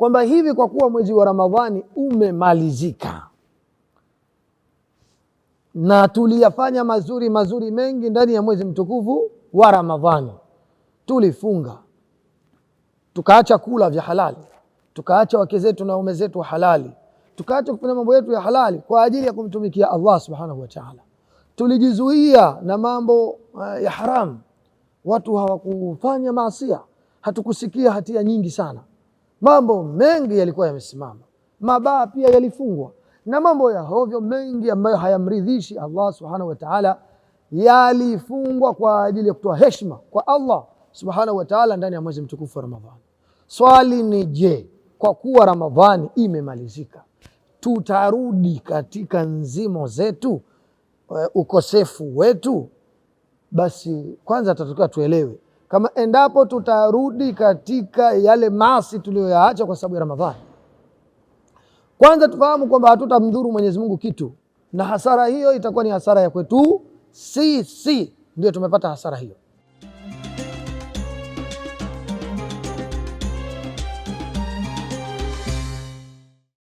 kwamba hivi kwa kuwa mwezi wa Ramadhani umemalizika na tuliyafanya mazuri mazuri mengi ndani ya mwezi mtukufu wa Ramadhani, tulifunga tukaacha kula vya halali, tukaacha wake zetu na ume zetu halali, tukaacha kufanya mambo yetu ya halali kwa ajili ya kumtumikia Allah subhanahu wa taala. Tulijizuia na mambo eh, ya haramu, watu hawakufanya maasia, hatukusikia hatia nyingi sana Mambo mengi yalikuwa yamesimama, mabaa pia yalifungwa, na mambo ya hovyo mengi ambayo hayamridhishi Allah subhanahu wa taala yalifungwa kwa ajili ya kutoa heshima kwa Allah subhanahu wa taala ndani ya mwezi mtukufu wa Ramadhani. Swali ni je, kwa kuwa Ramadhani imemalizika, tutarudi katika nzimo zetu, eh, ukosefu wetu? Basi kwanza tutatakiwa tuelewe kama endapo tutarudi katika yale maasi tuliyoyaacha kwa sababu ya Ramadhani. Kwanza tufahamu kwamba hatutamdhuru Mwenyezi Mungu kitu, na hasara hiyo itakuwa ni hasara ya kwetu sisi, ndio tumepata hasara hiyo.